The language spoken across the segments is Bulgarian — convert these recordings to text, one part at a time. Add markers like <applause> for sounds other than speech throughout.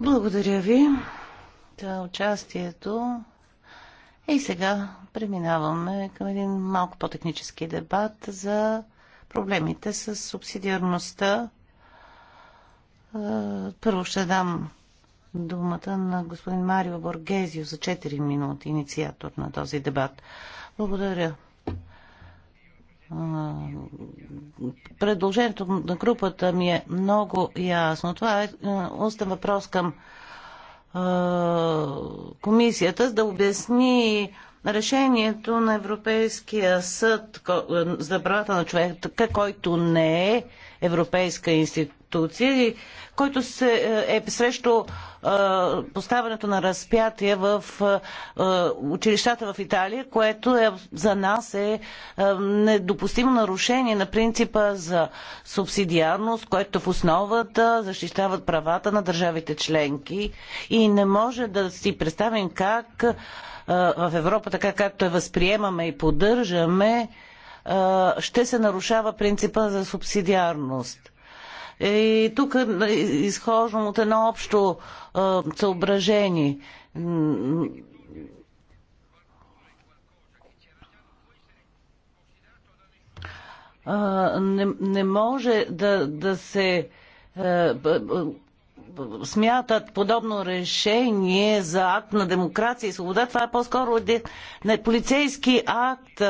Благодаря ви за участието. И сега преминаваме към един малко по-технически дебат за проблемите с субсидиарността. Е, първо ще дам думата на господин Марио Боргезио за 4 минути, инициатор на този дебат. Благодаря предложението на групата ми е много ясно. Това е, е устен въпрос към е, комисията, за да обясни решението на Европейския съд е, за правата на човека, който не е европейска институция институции, който се, е, е срещу е, поставянето на разпятие в е, училищата в Италия, което е, за нас е недопустимо нарушение на принципа за субсидиарност, което в основата защищават правата на държавите членки и не може да си представим как в Европа, така както я възприемаме и поддържаме, ще се нарушава принципа за субсидиарност. И е, тук изхождам от едно общо съображение. не, не може да, да се е, смятат подобно решение за акт на демокрация и свобода. Това е по-скоро полицейски акт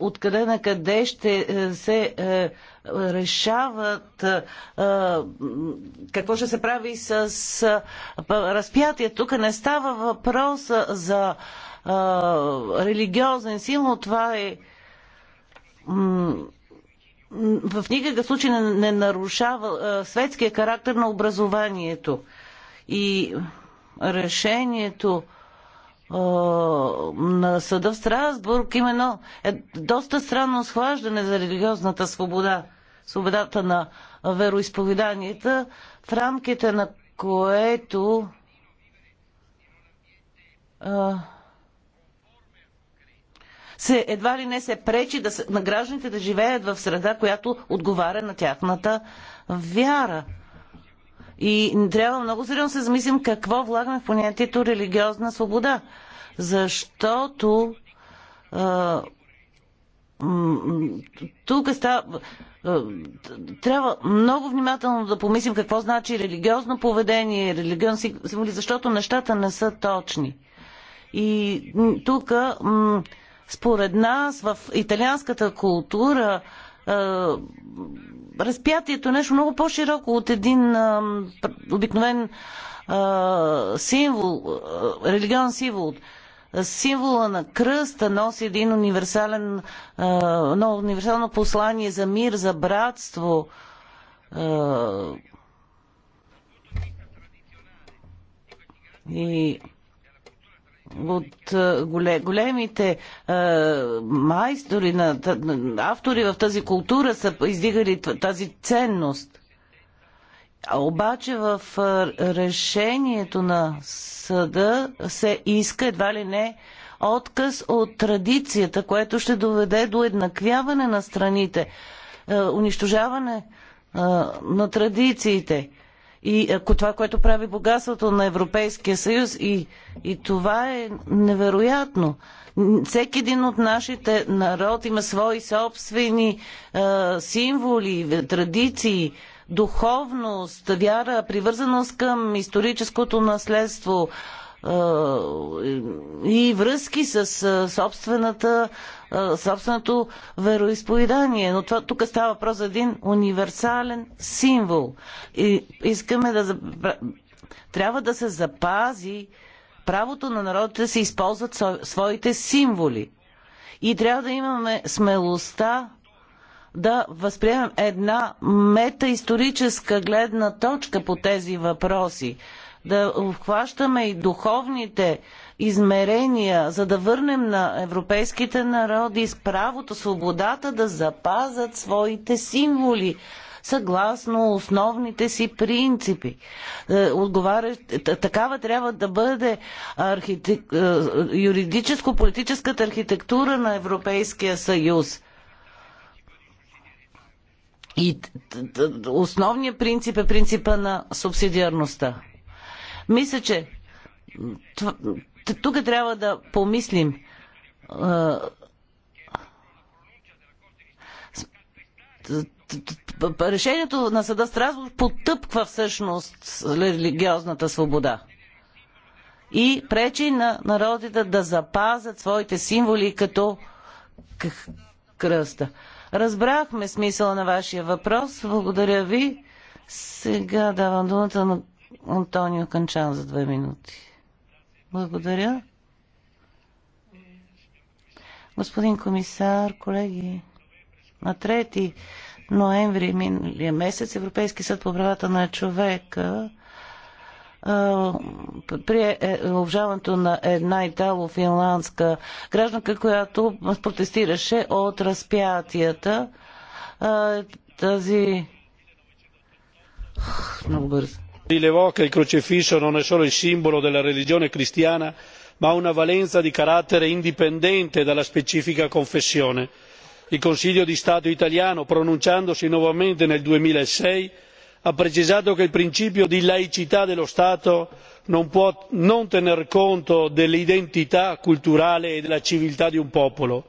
откъде на къде ще е, се е, решават е, какво ще се прави с разпятие. Тук не става въпрос за религиозен символ. Това е в никакъв случай не, не нарушава светския характер на образованието. И решението на съда в Страсбург едно е доста странно схваждане за религиозната свобода, свободата на вероисповеданията, в рамките на което а, се, едва ли не се пречи да, на гражданите да живеят в среда, която отговаря на тяхната вяра. И трябва много сериозно се замислим какво влагаме в понятието религиозна свобода. Защото тук е става, трябва много внимателно да помислим какво значи религиозно поведение, религиозно, символи, защото нещата не са точни. И тук, според нас, в италианската култура разпятието е нещо много по-широко от един а, обикновен а, символ, а, религиозен символ. Символа на кръста носи един универсален, а, но универсално послание за мир, за братство. А, и от е, големите е, майстори, на, автори в тази култура са издигали тази ценност. Обаче в е, решението на съда се иска едва ли не отказ от традицията, което ще доведе до еднаквяване на страните, унищожаване на традициите и е, това, което прави богатството на Европейския съюз и, и това е невероятно. Всеки един от нашите народ има свои собствени а, е, символи, традиции, духовност, вяра, привързаност към историческото наследство, и връзки с собствената, собственото вероисповедание. Но това, тук става въпрос за един универсален символ. И искаме да. Трябва да се запази правото на народите да се използват своите символи. И трябва да имаме смелостта да възприемем една метаисторическа гледна точка по тези въпроси да обхващаме и духовните измерения, за да върнем на европейските народи с правото, свободата да запазят своите символи съгласно основните си принципи. Е, отговаря, такава трябва да бъде архитек... Е, юридическо-политическата архитектура на Европейския съюз. И основният принцип е принципа на субсидиарността. Мисля, че тук трябва да помислим. Решението на съда Страсбург потъпква всъщност религиозната свобода и пречи на народите да запазят своите символи като кръста. Разбрахме смисъла на вашия въпрос. Благодаря ви. Сега давам думата на Антонио Канчан за две минути. Благодаря. Господин комисар, колеги, на 3 ноември миналия месец Европейски съд по правата на човека при е, обжаването на една итало-финландска гражданка, която протестираше от разпятията. Тази... Много бързо rilevò che il crocifisso non è solo il simbolo della religione cristiana ma ha una valenza di carattere indipendente dalla specifica confessione. il consiglio di stato italiano pronunciandosi nuovamente nel duemilasei ha precisato che il principio di laicità dello stato non può non tener conto dell'identità culturale e della civiltà di un popolo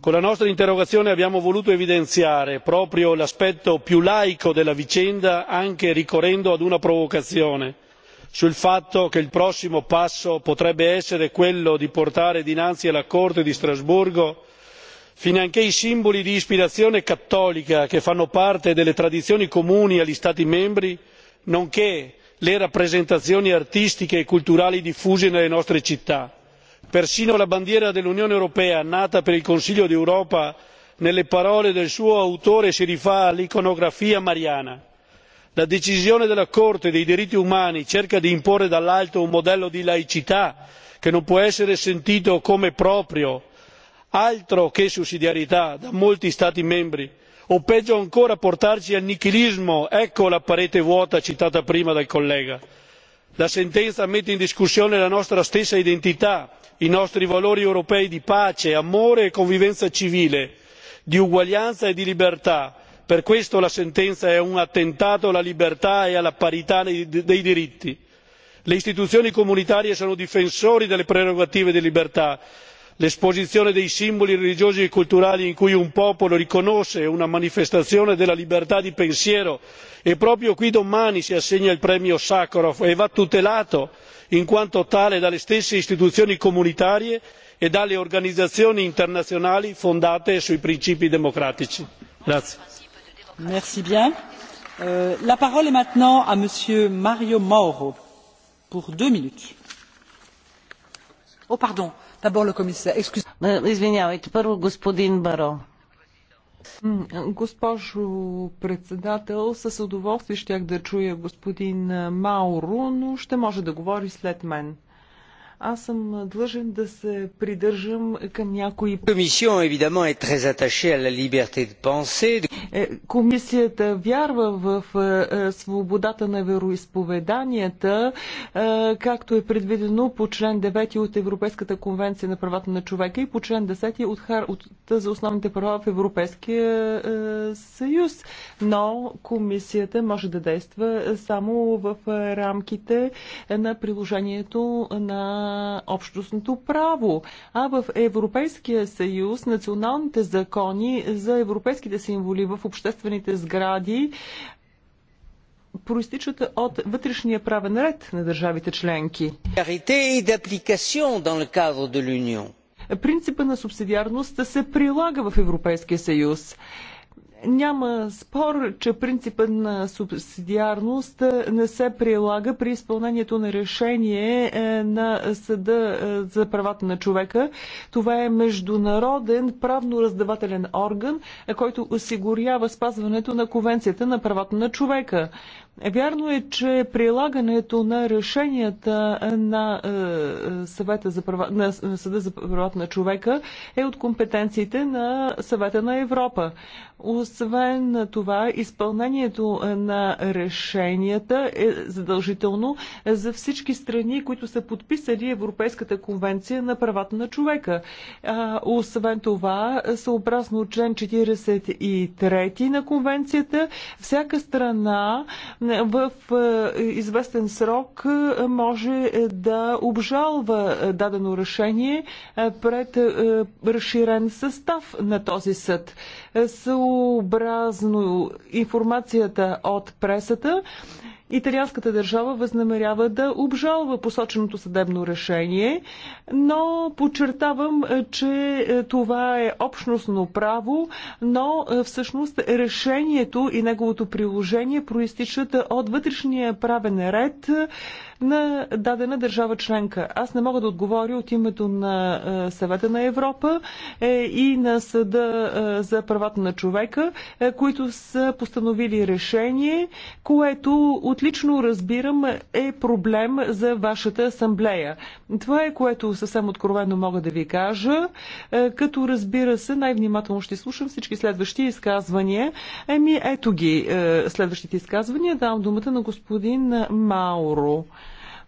con la nostra interrogazione abbiamo voluto evidenziare proprio l'aspetto più laico della vicenda anche ricorrendo ad una provocazione sul fatto che il prossimo passo potrebbe essere quello di portare dinanzi alla corte di strasburgo finanche i simboli di ispirazione cattolica che fanno parte delle tradizioni comuni agli stati membri nonché le rappresentazioni artistiche e culturali diffuse nelle nostre città persino la bandiera dell'unione europea nata per il consiglio d'europa nelle parole del suo autore si rifà all'iconografia mariana. la decisione della corte dei diritti umani cerca di imporre dall'alto un modello di laicità che non può essere sentito come proprio altro che sussidiarietà da molti stati membri o peggio ancora portarci al nichilismo ecco la parete vuota citata prima dal collega. la sentenza mette in discussione la nostra stessa identità i nostri valori europei di pace amore e convivenza civile di uguaglianza e di libertà per questo la sentenza è un attentato alla libertà e alla parità dei diritti. le istituzioni comunitarie sono difensori delle prerogative di libertà l'esposizione dei simboli religiosi e culturali in cui un popolo riconosce una manifestazione della libertà di pensiero e proprio qui domani si assegna il premio sacharov e va tutelato in quanto tale dalle stesse istituzioni comunitarie e dalle organizzazioni internazionali fondate sui principi democratici. la maintenant mario mauro Госпожо председател, с удоволствие щях да чуя господин Мауро, но ще може да говори след мен аз съм длъжен да се придържам към някои... Е, комисията вярва в е, е, свободата на вероисповеданията, както е предвидено по член 9 от Европейската конвенция на правата на човека и по член 10 от Харта за основните права в Европейския съюз. Но комисията може да действа само в рамките на приложението на на общностното право. А в Европейския съюз националните закони за европейските символи в обществените сгради проистичат от вътрешния правен ред на държавите членки. Принципа на субсидиарност се прилага в Европейския съюз. Няма спор, че принципът на субсидиарност не се прилага при изпълнението на решение е, на Съда е, за правата на човека. Това е международен правно-раздавателен орган, който осигурява спазването на Конвенцията на правата на човека. Е, вярно е, че прилагането на решенията на, е, съвета за права, на Съда за правата на човека е от компетенциите на Съвета на Европа. Освен на това, изпълнението на решенията е задължително за всички страни, които са подписали Европейската конвенция на правата на човека. Освен това, съобразно член 43 на конвенцията, всяка страна в е, известен срок е, може е, да обжалва дадено решение пред разширен състав на този съд съобразно информацията от пресата. Италианската държава възнамерява да обжалва посоченото съдебно решение, но подчертавам, че е, това е общностно право, но е, всъщност решението и неговото приложение проистичат от вътрешния правен ред на дадена държава членка. Аз не мога да отговоря от името на е, съвета на Европа е, и на съда е, за правата на човека, които са постановили решение, което отлично разбирам е проблем за вашата асамблея. Това е което съвсем откровено мога да ви кажа, като разбира се най-внимателно ще слушам всички следващи изказвания. Еми ето ги следващите изказвания. Давам думата на господин Мауро.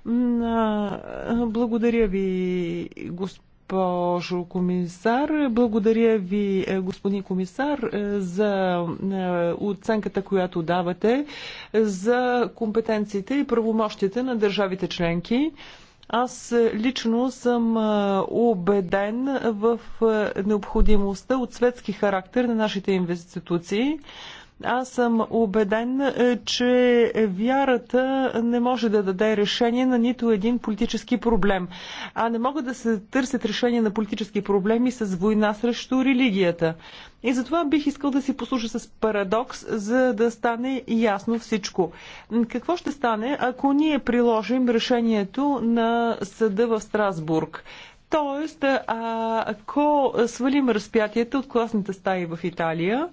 Благодаря ви, госпожо комисар. Благодаря ви, е, господин комисар, е, за е, оценката, която давате за компетенциите и правомощите на държавите членки. Аз лично съм убеден в необходимостта от светски характер на нашите институции. Аз съм убеден, е, че вярата не може да даде решение на нито един политически проблем. А не могат да се търсят решения на политически проблеми с война срещу религията. И затова бих искал да си послуша с парадокс, за да стане ясно всичко. Какво ще стане, ако ние приложим решението на съда в Страсбург? Тоест, ако свалим разпятията от класните стаи в Италия,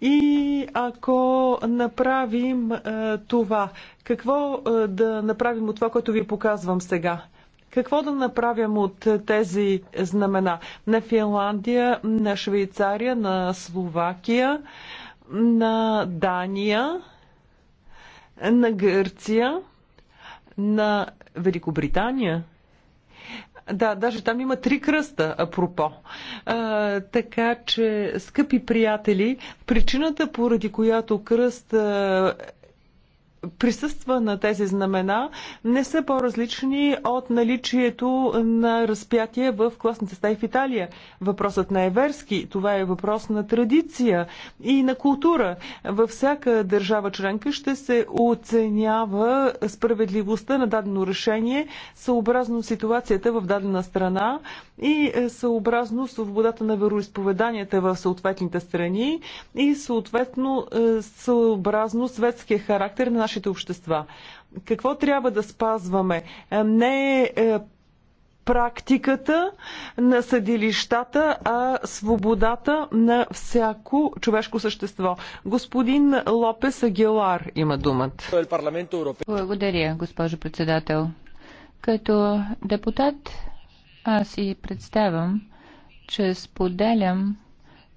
и ако направим е, това, какво е, да направим от това, което ви показвам сега? Какво да направим от тези знамена? На Финландия, на Швейцария, на Словакия, на Дания, на Гърция, на Великобритания? Да, даже там има три кръста, апропо. А, така че, скъпи приятели, причината, поради която кръст присъства на тези знамена, не са по-различни от наличието на разпятие в класните стаи в Италия. Въпросът не е верски, това е въпрос на традиция и на култура. Във всяка държава членка ще се оценява справедливостта на дадено решение, съобразно ситуацията в дадена страна, и е, съобразно свободата на вероисповеданията в съответните страни и съответно е, съобразно светския характер на нашите общества. Какво трябва да спазваме? Е, не е практиката на съдилищата, а свободата на всяко човешко същество. Господин Лопес Агелар има думата. Благодаря, госпожо председател. Като депутат аз си представям, че споделям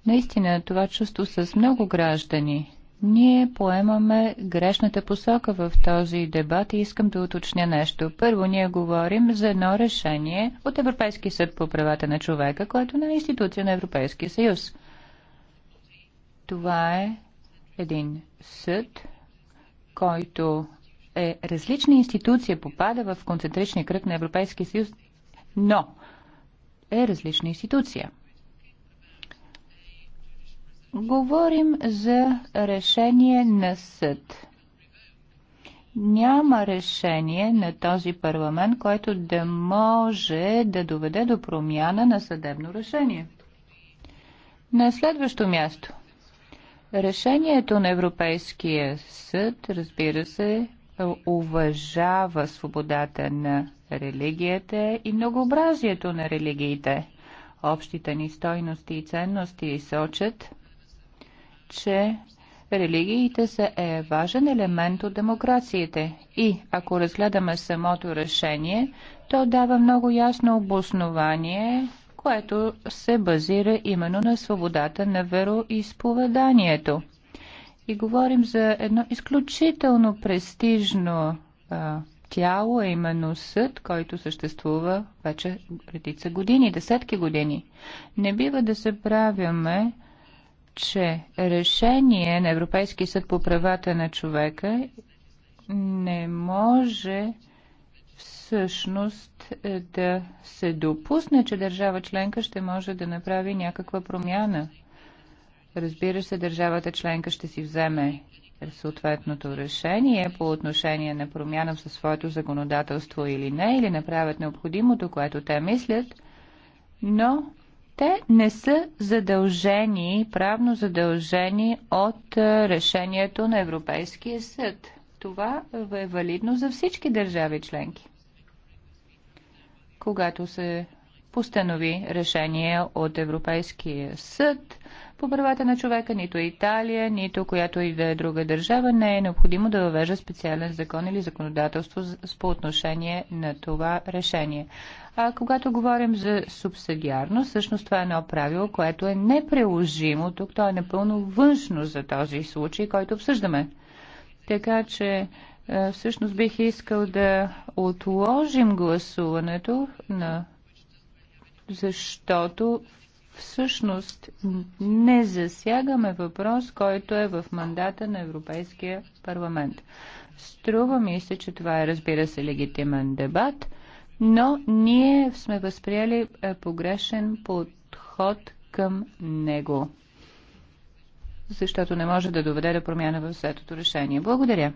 наистина това чувство с много граждани. Ние поемаме грешната посока в този дебат и искам да уточня нещо. Първо, ние говорим за едно решение от Европейски съд по правата на човека, което не е институция на Европейския съюз. Това е един съд, който е различна институция, попада в концентричния кръг на Европейския съюз, но е различна институция. Говорим за решение на съд. Няма решение на този парламент, който да може да доведе до промяна на съдебно решение. На следващо място. Решението на Европейския съд, разбира се, уважава свободата на религията и многообразието на религиите. Общите ни стойности и ценности сочат, че религиите са е важен елемент от демокрациите и ако разгледаме самото решение, то дава много ясно обоснование, което се базира именно на свободата на вероисповеданието. И говорим за едно изключително престижно а, тяло, е именно съд, който съществува вече редица години, десетки години. Не бива да се правяме, че решение на Европейски съд по правата на човека не може всъщност е, да се допусне, че държава членка ще може да направи някаква промяна. Разбира се, държавата членка ще си вземе съответното решение по отношение на промяна в своето законодателство или не, или направят необходимото, което те мислят, но те не са задължени, правно задължени от решението на Европейския съд. Това е валидно за всички държави членки. Когато се постанови решение от Европейския съд, по правата на човека, нито Италия, нито която и да е друга държава, не е необходимо да въвежда специален закон или законодателство по отношение на това решение. А когато говорим за субсидиарност, всъщност това е едно правило, което е неприложимо. Тук то е напълно външно за този случай, който обсъждаме. Така че е, всъщност бих искал да отложим гласуването на защото всъщност не засягаме въпрос, който е в мандата на Европейския парламент. Струва ми се, че това е, разбира се, легитимен дебат, но ние сме възприели е, погрешен подход към него, защото не може да доведе до промяна в светото решение. Благодаря.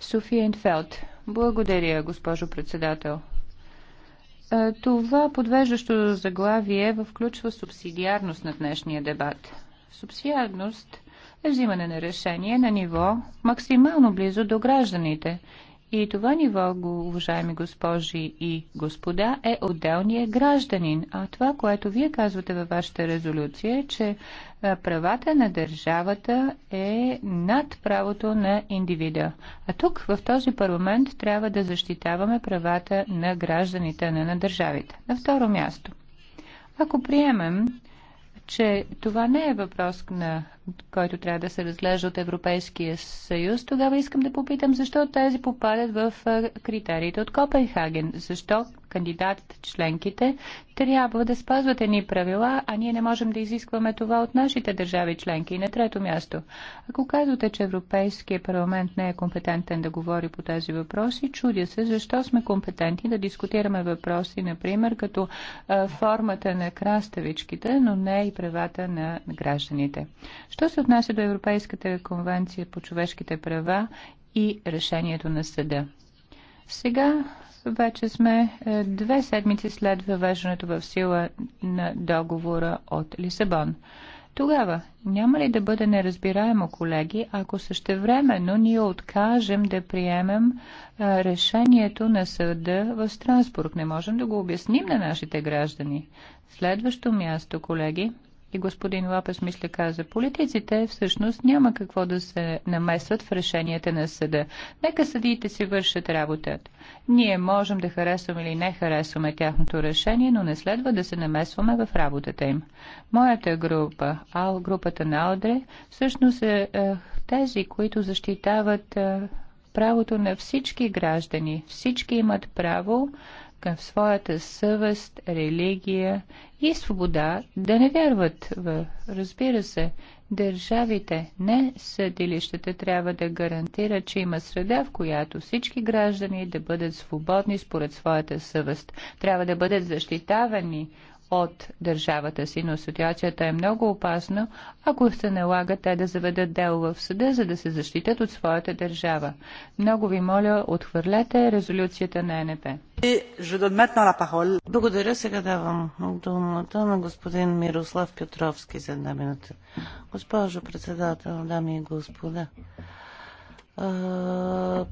София Инфелд. Благодаря, госпожо председател. Е, това подвеждащо заглавие включва субсидиарност на днешния дебат. Субсидиарност е взимане на решение на ниво максимално близо до гражданите и това ниво, уважаеми госпожи и господа, е отделния гражданин. А това, което вие казвате във вашата резолюция, е, че правата на държавата е над правото на индивида. А тук, в този парламент, трябва да защитаваме правата на гражданите, не на държавите. На второ място. Ако приемем, че това не е въпрос на който трябва да се разглежда от Европейския съюз, тогава искам да попитам защо тези попадат в критериите от Копенхаген. Защо кандидатите, членките трябва да спазват едни правила, а ние не можем да изискваме това от нашите държави членки. И на трето място, ако казвате, че Европейския парламент не е компетентен да говори по тези въпроси, чудя се защо сме компетентни да дискутираме въпроси, например, като формата на краставичките, но не и правата на гражданите. Що се отнася до Европейската конвенция по човешките права и решението на съда? Сега вече сме е, две седмици след въвеждането в сила на договора от Лисабон. Тогава няма ли да бъде неразбираемо, колеги, ако същевременно ние откажем да приемем е, решението на съда в Страсбург? Не можем да го обясним на нашите граждани. Следващо място, колеги и господин Лапес, мисля, каза, политиците всъщност няма какво да се намесват в решенията на съда. Нека съдиите си вършат работата. Ние можем да харесваме или не харесваме тяхното решение, но не следва да се намесваме в работата им. Моята група, АЛ, групата на Алдре, всъщност е, е тези, които защитават е, правото на всички граждани. Всички имат право към своята съвест, религия и свобода да не вярват в. Разбира се, държавите, не съдилищата трябва да гарантират, че има среда, в която всички граждани да бъдат свободни според своята съвест. Трябва да бъдат защитавани от държавата си, но ситуацията е много опасна, ако се налага те да заведат дело в съда, за да се защитят от своята държава. Много ви моля, отхвърлете резолюцията на НП. Благодаря. Сега давам думата на господин Мирослав Петровски за една минута. Госпожо председател, дами и господа, а,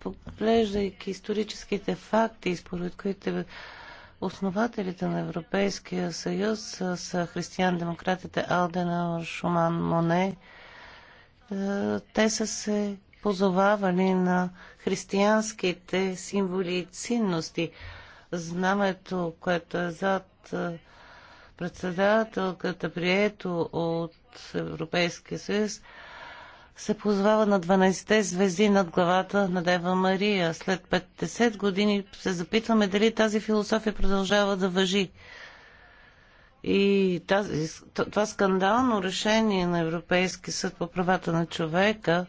поглеждайки историческите факти, според които Основателите на Европейския съюз са, християн-демократите Алдена Шуман Моне. Е, те са се позовавали на християнските символи и ценности. Знамето, което е зад е, председателката, прието от Европейския съюз, се позвава на 12-те звезди над главата на Дева Мария. След 50 години се запитваме дали тази философия продължава да въжи. И тази, това скандално решение на Европейски съд по правата на човека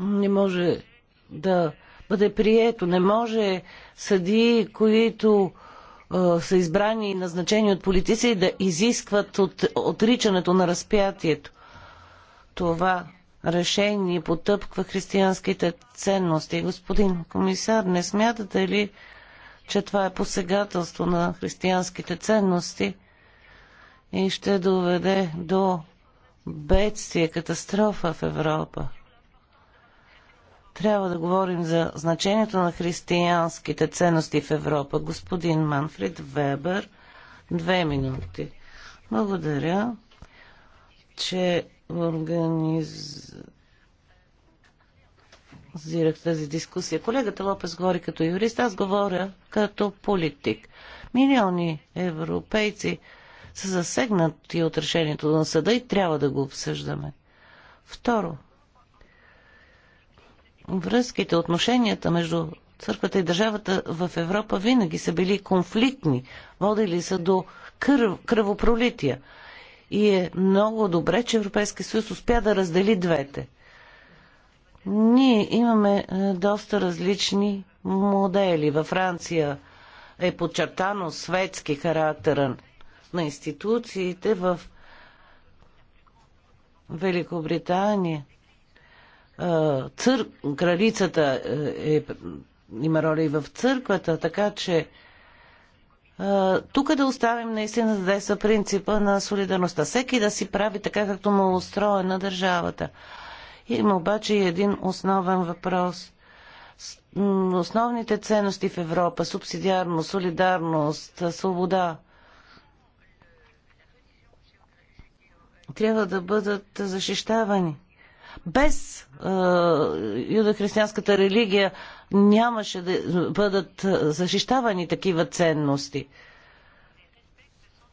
не може да бъде прието. Не може съдии, които е, са избрани и назначени от политици, да изискват от, отричането на разпятието. Това решение потъпква християнските ценности. Господин комисар, не смятате ли, че това е посегателство на християнските ценности и ще доведе до бедствие, катастрофа в Европа? трябва да говорим за значението на християнските ценности в Европа. Господин Манфред Вебер, две минути. Благодаря, че организирах тази дискусия. Колегата Лопес говори като юрист, аз говоря като политик. Милиони европейци са засегнати от решението на съда и трябва да го обсъждаме. Второ, Връзките, отношенията между църквата и държавата в Европа винаги са били конфликтни, водили са до кръв, кръвопролития. И е много добре, че Европейския съюз успя да раздели двете. Ние имаме е, доста различни модели. Във Франция е подчертано светски характер на институциите в Великобритания Цър... Кралицата е, е... има роля и в църквата, така че тук да оставим наистина да действа принципа на солидарността. Всеки да си прави така, както му е устроя на държавата. Има обаче и един основен въпрос. Основните ценности в Европа субсидиарност, солидарност, свобода трябва да бъдат защищавани без е, юдохристиянската религия нямаше да бъдат защищавани такива ценности.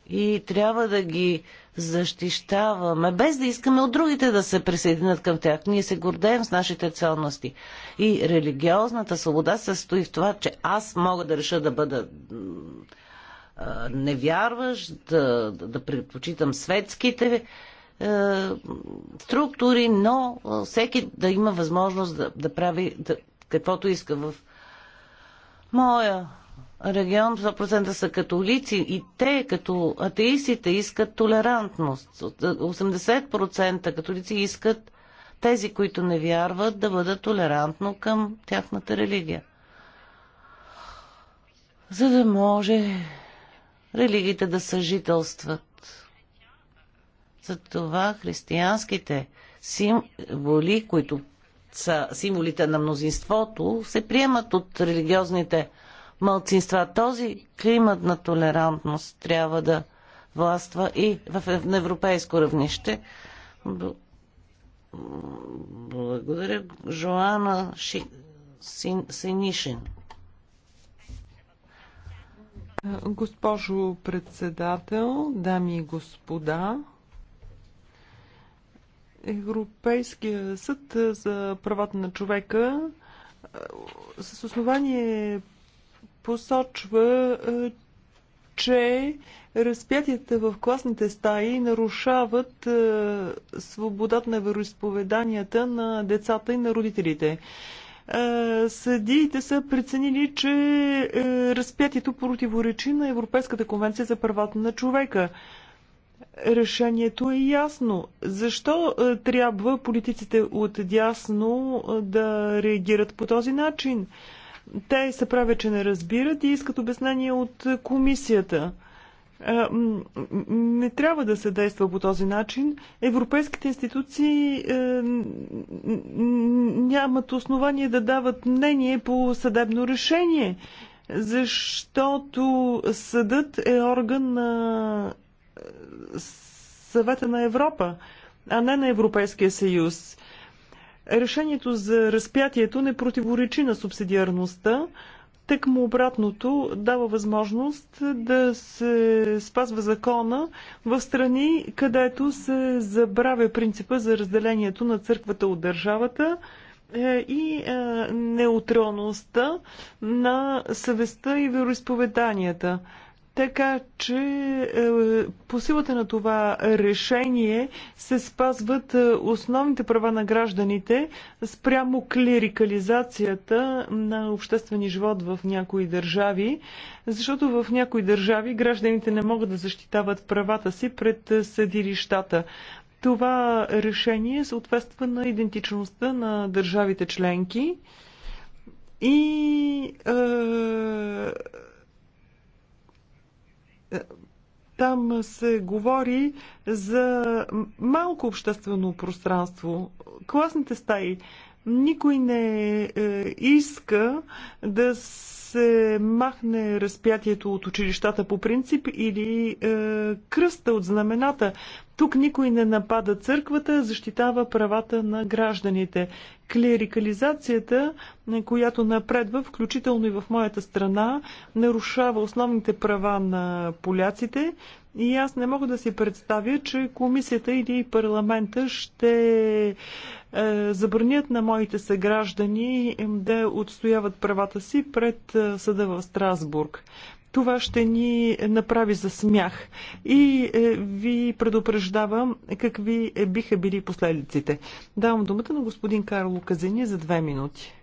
И трябва да ги защищаваме, без да искаме от другите да се присъединят към тях. Ние се гордеем с нашите ценности. И религиозната свобода се стои в това, че аз мога да реша да бъда невярваш, да, да, да предпочитам светските е, структури, но е, всеки да има възможност да, да прави да, каквото иска. В моя регион 100% са католици и те, като атеистите, искат толерантност. 80% е, католици искат тези, които не вярват, да бъдат толерантно към тяхната религия. За да може религиите да съжителстват. Затова християнските символи, които са символите на мнозинството, се приемат от религиозните мълцинства. Този климат на толерантност трябва да властва и в европейско равнище. Благодаря. Жоана Ши... Син... Синишин. Госпожо председател, дами и господа, Европейския съд е, за правата на човека е, с основание посочва, е, че разпятията в класните стаи нарушават свободата на вероисповеданията на децата и на родителите. Съдиите са преценили, че разпятието противоречи на Европейската конвенция за правата на човека. Решението е ясно. Защо е, трябва политиците от дясно е, да реагират по този начин? Те се правят, че не разбират и искат обяснение от комисията. Е, не трябва да се действа по този начин. Европейските институции нямат основание да дават мнение по съдебно решение, защото съдът е орган на съвета на Европа, а не на Европейския съюз. Решението за разпятието не противоречи на субсидиарността, тък му обратното дава възможност да се спазва закона в страни, където се забравя принципа за разделението на църквата от държавата е, и е, неутралността на съвестта и вероисповеданията. Така че е, по силата на това решение се спазват е, основните права на гражданите спрямо клерикализацията на обществени живот в някои държави, защото в някои държави гражданите не могат да защитават правата си пред е, съдилищата. Това решение съответства на идентичността на държавите членки и е, там се говори за малко обществено пространство, класните стаи. Никой не е, иска да се махне разпятието от училищата по принцип или е, кръста от знамената. Тук никой не напада църквата, защитава правата на гражданите. Клерикализацията, която напредва, включително и в моята страна, нарушава основните права на поляците. И аз не мога да си представя, че комисията или парламента ще е, забранят на моите съграждани да отстояват правата си пред е, съда в Страсбург това ще ни направи за смях. И е, ви предупреждавам какви биха били последиците. Давам думата на господин Карло Казени за две минути.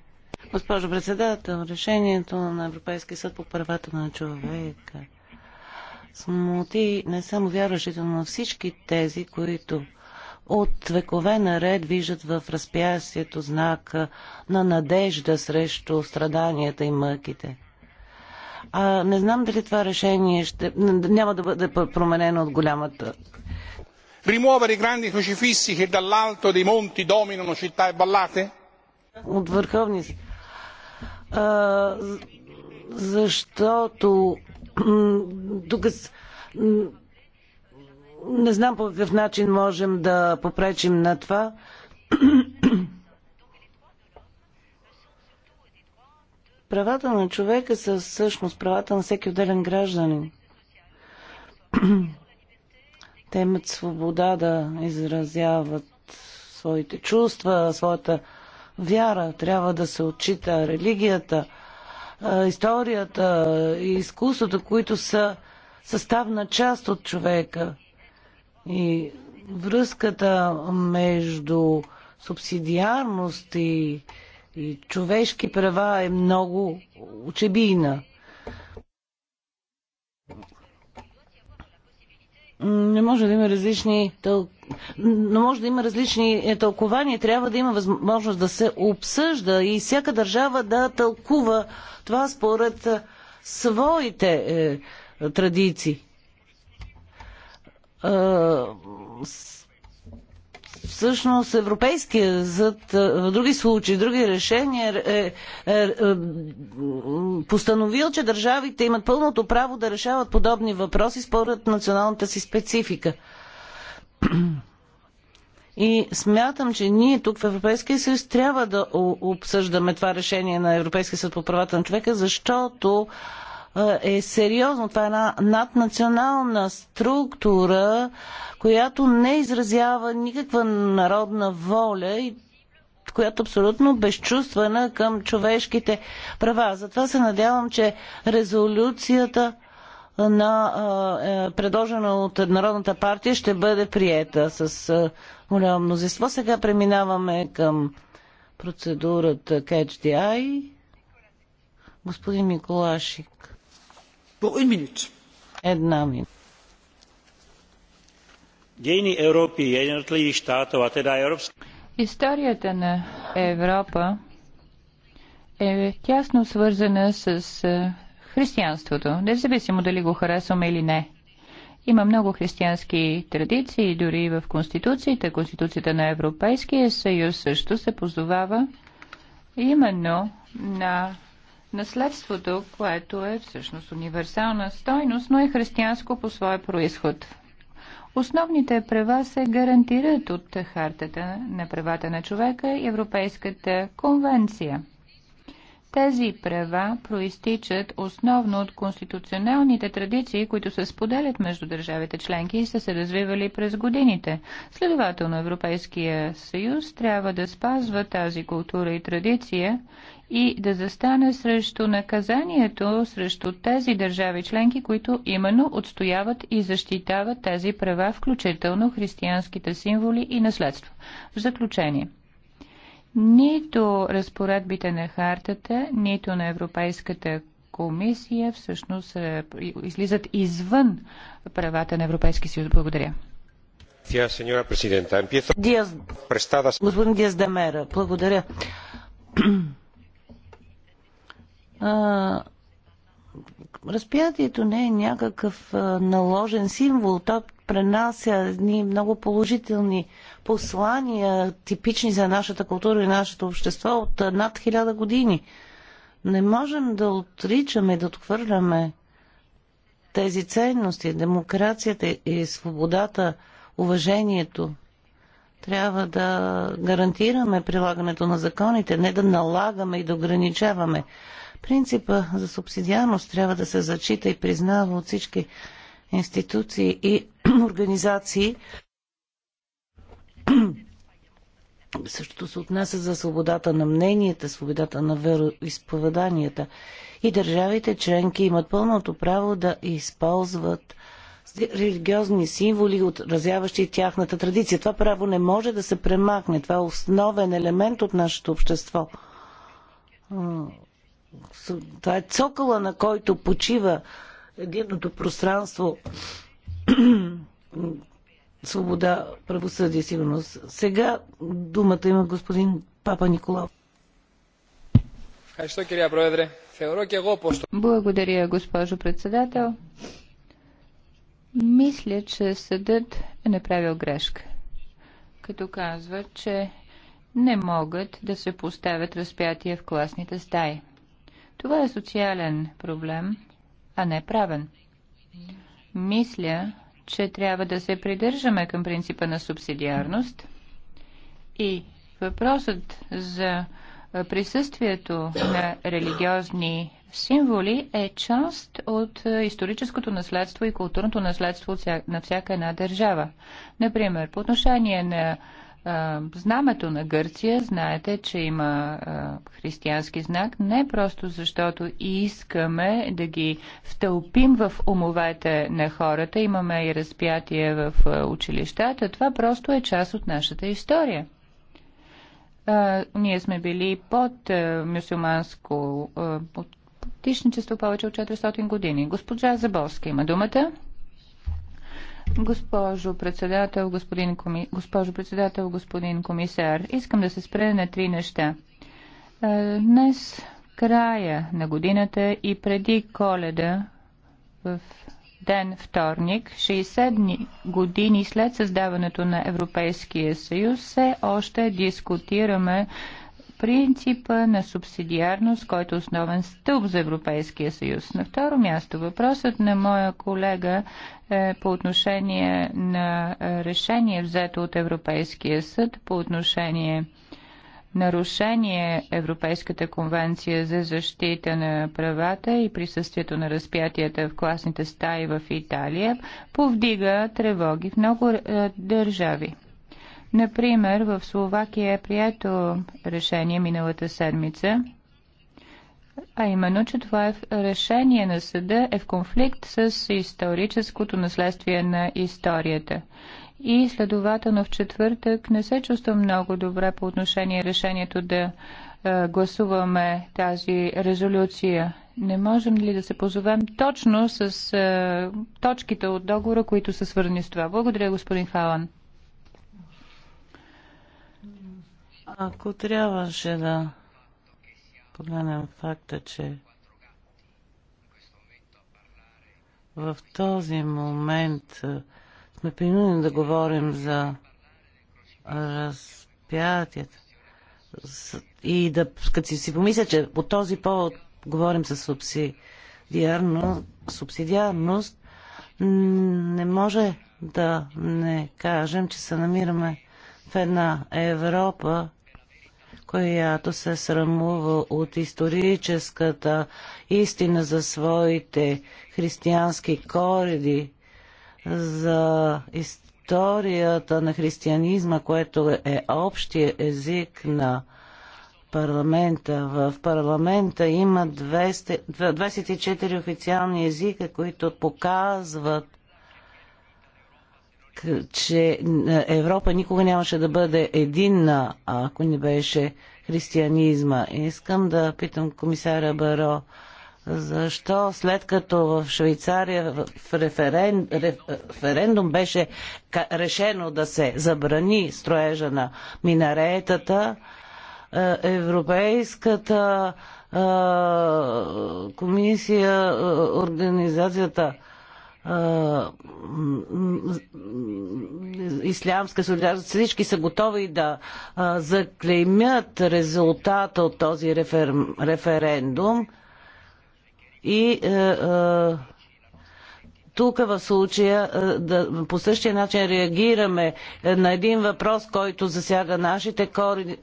Госпожо председател, решението на Европейския съд по правата на човека смути не само вярващите, но всички тези, които от векове наред виждат в разпястието знака на надежда срещу страданията и мъките – а, не знам дали това решение ще, няма да бъде променено от голямата. Rimuovere i grandi crocifissi che dall'alto dei monti dominano città e ballate? От върховни. А, защото тук не знам по какъв начин можем да попречим на това. Правата на човека са всъщност правата на всеки отделен гражданин. <clears throat> Те имат свобода да изразяват своите чувства, своята вяра. Трябва да се отчита религията, историята и изкуството, които са съставна част от човека. И връзката между субсидиарност и и човешки права е много учебийна. Не може да има различни тъл... но може да има различни е, тълкования. Трябва да има възможност да се обсъжда и всяка държава да тълкува това според е, своите е, традиции. Е, всъщност Европейския съд е, в други случаи, други решения е, е, е, постановил, че държавите имат пълното право да решават подобни въпроси според националната си специфика. И смятам, че ние тук в Европейския съюз трябва да обсъждаме това решение на Европейския съд по правата на човека, защото е сериозно. Това е една наднационална структура, която не изразява никаква народна воля и която абсолютно безчувствена към човешките права. Затова се надявам, че резолюцията на, е, предложена от Народната партия ще бъде приета с голямо мнозинство. Сега преминаваме към процедурата Catch the Eye. Господин Миколашик. Дени Европи jednotlivých štátov, teda Историята на Европа е тясно свързана с християнството, независимо дали го харесваме или не. Има много християнски традиции, дори в Конституцията. Конституцията на Европейския съюз също се позовава именно на наследството, което е всъщност универсална стойност, но е християнско по своя происход. Основните права се гарантират от Хартата на правата на човека и Европейската конвенция. Тези права проистичат основно от конституционалните традиции, които се споделят между държавите членки и са се развивали през годините. Следователно Европейския съюз трябва да спазва тази култура и традиция и да застане срещу наказанието срещу тези държави членки, които именно отстояват и защитават тези права, включително християнските символи и наследство. В заключение нито разпоредбите на хартата, нито на Европейската комисия всъщност е, излизат извън правата на Европейския съюз. Благодаря. Господин Диаздамера, благодаря а, разпятието не е някакъв а, наложен символ. То пренася едни много положителни послания, типични за нашата култура и нашето общество от а, над хиляда години. Не можем да отричаме, да отхвърляме тези ценности, демокрацията и свободата, уважението. Трябва да гарантираме прилагането на законите, не да налагаме и да ограничаваме. Принципа за субсидиарност трябва да се зачита и признава от всички институции и <clears throat> организации. <clears throat> Същото се отнася за свободата на мненията, свободата на вероисповеданията. И държавите членки имат пълното право да използват религиозни символи, отразяващи тяхната традиция. Това право не може да се премахне. Това е основен елемент от нашето общество това е цокъла, на който почива единното пространство <clears throat> свобода, правосъдие, сигурност. Сега думата има господин Папа Николао. Благодаря, госпожо председател. Мисля, че съдът е направил грешка, като казва, че не могат да се поставят разпятия в класните стаи. Това е социален проблем, а не правен. Мисля, че трябва да се придържаме към принципа на субсидиарност и въпросът за присъствието на религиозни символи е част от историческото наследство и културното наследство на всяка една държава. Например, по отношение на знамето на Гърция, знаете, че има християнски знак, не просто защото искаме да ги втълпим в умовете на хората, имаме и разпятие в училищата, това просто е част от нашата история. Ние сме били под мюсюлманско потишничество повече от 400 години. Госпожа Заболска има думата. Госпожо председател, господин коми... госпожо председател, господин комисар, искам да се спре на три неща. Е, днес, края на годината и преди коледа в ден вторник, 60 години след създаването на Европейския съюз, все още дискутираме принципа на субсидиарност, който е основен стълб за Европейския съюз. На второ място, въпросът на моя колега е по отношение на решение взето от Европейския съд по отношение нарушение Европейската конвенция за защита на правата и присъствието на разпятията в класните стаи в Италия повдига тревоги в много е, държави. Например, в Словакия е прието решение миналата седмица, а именно, че това е решение на съда е в конфликт с историческото наследствие на историята. И следователно в четвъртък не се чувствам много добре по отношение решението да е, гласуваме тази резолюция. Не можем ли да се позовем точно с е, точките от договора, които са свързани с това? Благодаря, господин Халан. Ако трябваше да погледнем факта, че в този момент сме принудени да говорим за разпятията и да, като си, си помисля, че по този повод говорим за субсидиарно, субсидиарност, не може да не кажем, че се намираме в една Европа, която се срамува от историческата истина за своите християнски кореди, за историята на християнизма, което е общия език на парламента. В парламента има 200, 24 официални езика, които показват че Европа никога нямаше да бъде единна, ако не беше християнизма. Искам да питам комисаря Баро, защо след като в Швейцария в референ, референдум беше решено да се забрани строежа на минаретата, е, Европейската е, комисия, е, организацията ислямска солидарност, всички са готови да заклеймят резултата от този рефер... референдум. И е, е, тук в случая е, да, по същия начин реагираме на един въпрос, който засяга нашите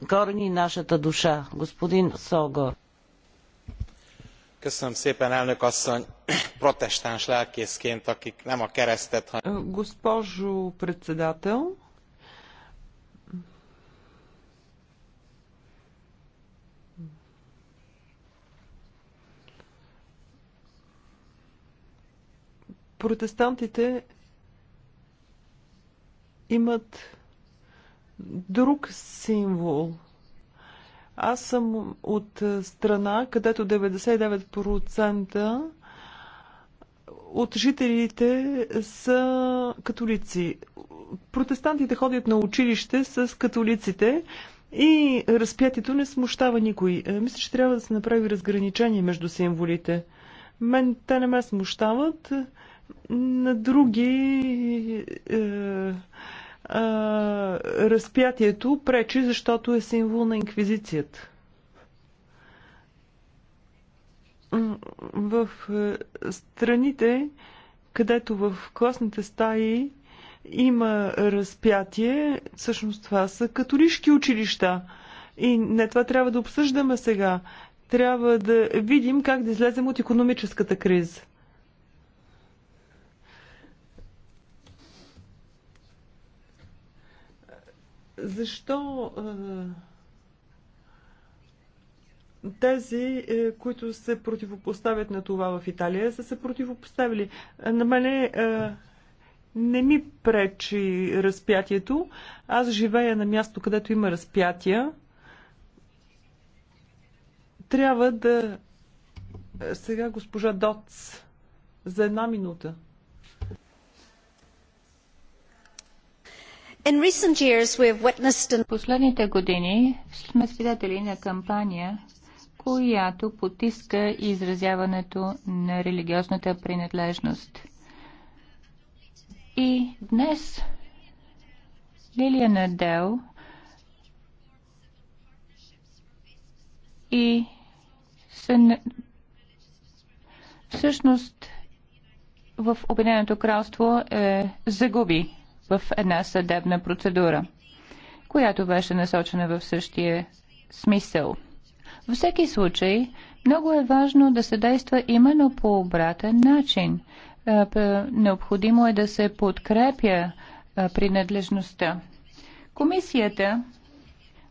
корени и нашата душа. Господин Согор. <clears throat> protestáns lelkészként akik nem a keresztet hanem. Е, госпожо председател протестантите имат друг символ аз съм от страна, където 99% от жителите са католици. Протестантите ходят на училище с католиците и разпятието не смущава никой. Е, мисля, че трябва да се направи разграничение между символите. Мен те не ме смущават, на други. Е, разпятието пречи, защото е символ на инквизицията. В е, страните, където в класните стаи има разпятие, всъщност това са католишки училища. И не това трябва да обсъждаме сега. Трябва да видим как да излезем от економическата криза. Защо тези, е, които се противопоставят на това в Италия, са се противопоставили. На мене е, не ми пречи разпятието. Аз живея на място, където има разпятия. Трябва да. Е, сега госпожа Доц. За една минута. Witnessed... Последните години сме свидетели на кампания, която потиска изразяването на религиозната принадлежност. И днес Лилия Дел и сън... всъщност в Обединеното кралство е, загуби в една съдебна процедура, която беше насочена в същия смисъл. Във всеки случай, много е важно да се действа именно по обратен начин. Е, необходимо е да се подкрепя е, принадлежността. Комисията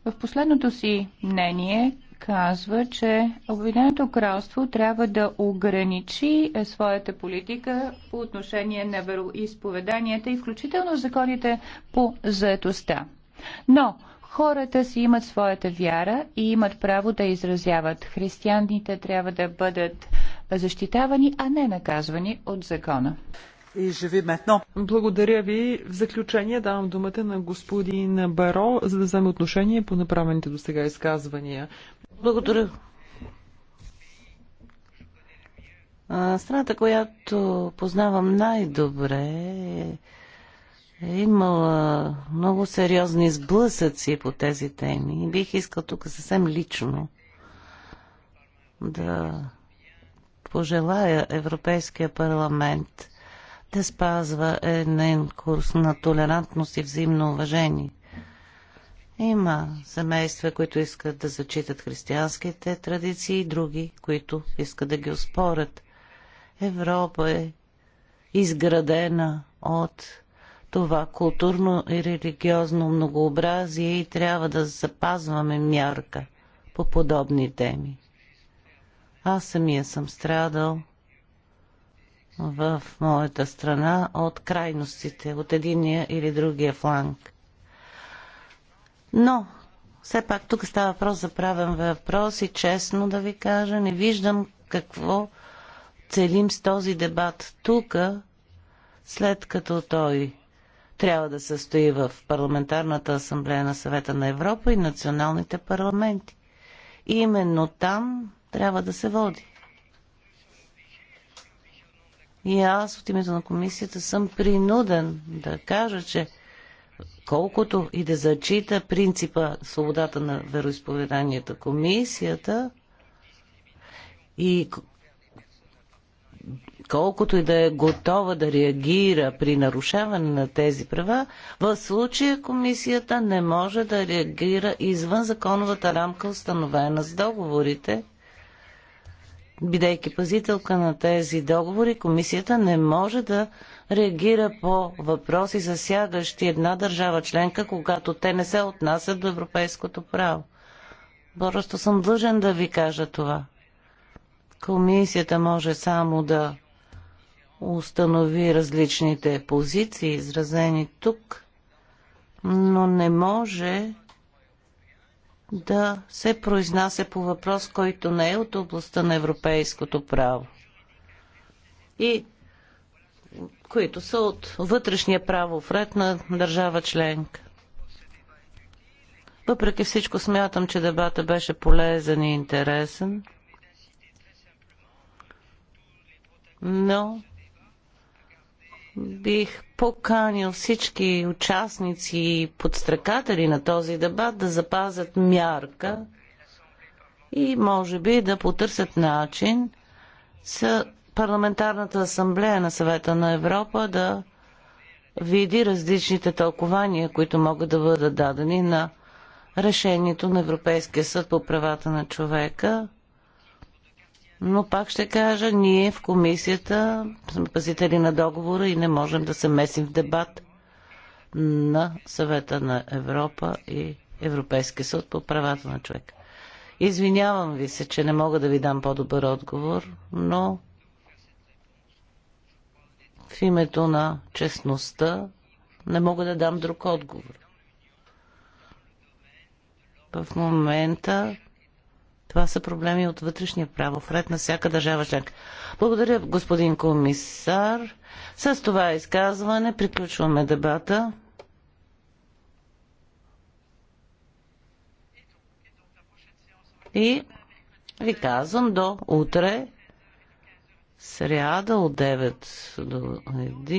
в последното си мнение казва, че Обединеното кралство трябва да ограничи е, своята политика по отношение на вероисповеданията и включително законите по заетостта. Но хората си имат своята вяра и имат право да изразяват. Християните трябва да бъдат защитавани, а не наказвани от закона. И живи Благодаря ви. В заключение давам думата на господин Баро, за да вземе отношение по направените до сега изказвания. Благодаря. Страната, която познавам най-добре, е имала много сериозни сблъсъци по тези теми. И бих искал тук съвсем лично да пожелая Европейския парламент да спазва един курс на толерантност и взаимно уважение. Има семейства, които искат да зачитат християнските традиции и други, които искат да ги оспорят. Европа е изградена от това културно и религиозно многообразие и трябва да запазваме мярка по подобни теми. Аз самия съм страдал в моята страна от крайностите, от единия или другия фланг. Но, все пак тук става въпрос за правен въпрос и честно да ви кажа, не виждам какво целим с този дебат тук, след като той трябва да се стои в Парламентарната асамблея на съвета на Европа и националните парламенти. И именно там трябва да се води. И аз от името на комисията съм принуден да кажа, че колкото и да зачита принципа свободата на вероисповеданията комисията и колкото и да е готова да реагира при нарушаване на тези права, в случая комисията не може да реагира извън законовата рамка, установена с договорите – бидейки пазителка на тези договори, комисията не може да реагира по въпроси, засягащи една държава членка, когато те не се отнасят до европейското право. Просто съм длъжен да ви кажа това. Комисията може само да установи различните позиции, изразени тук, но не може да се произнася по въпрос, който не е от областта на европейското право. И които са от вътрешния в ред на държава членка. Въпреки всичко смятам, че дебата беше полезен и интересен, но бих поканил всички участници и подстрекатели на този дебат да запазят мярка и може би да потърсят начин с Парламентарната асамблея на съвета на Европа да види различните тълкования, които могат да бъдат дадени на решението на Европейския съд по правата на човека но пак ще кажа, ние в комисията сме пазители на договора и не можем да се месим в дебат на съвета на Европа и Европейския съд по правата на човека. Извинявам ви се, че не мога да ви дам по-добър отговор, но в името на честността не мога да дам друг отговор. В момента това са проблеми от вътрешния право в ред на всяка държава членка. Благодаря, господин комисар. С това изказване приключваме дебата. И ви казвам до утре, сряда от 9 до 1.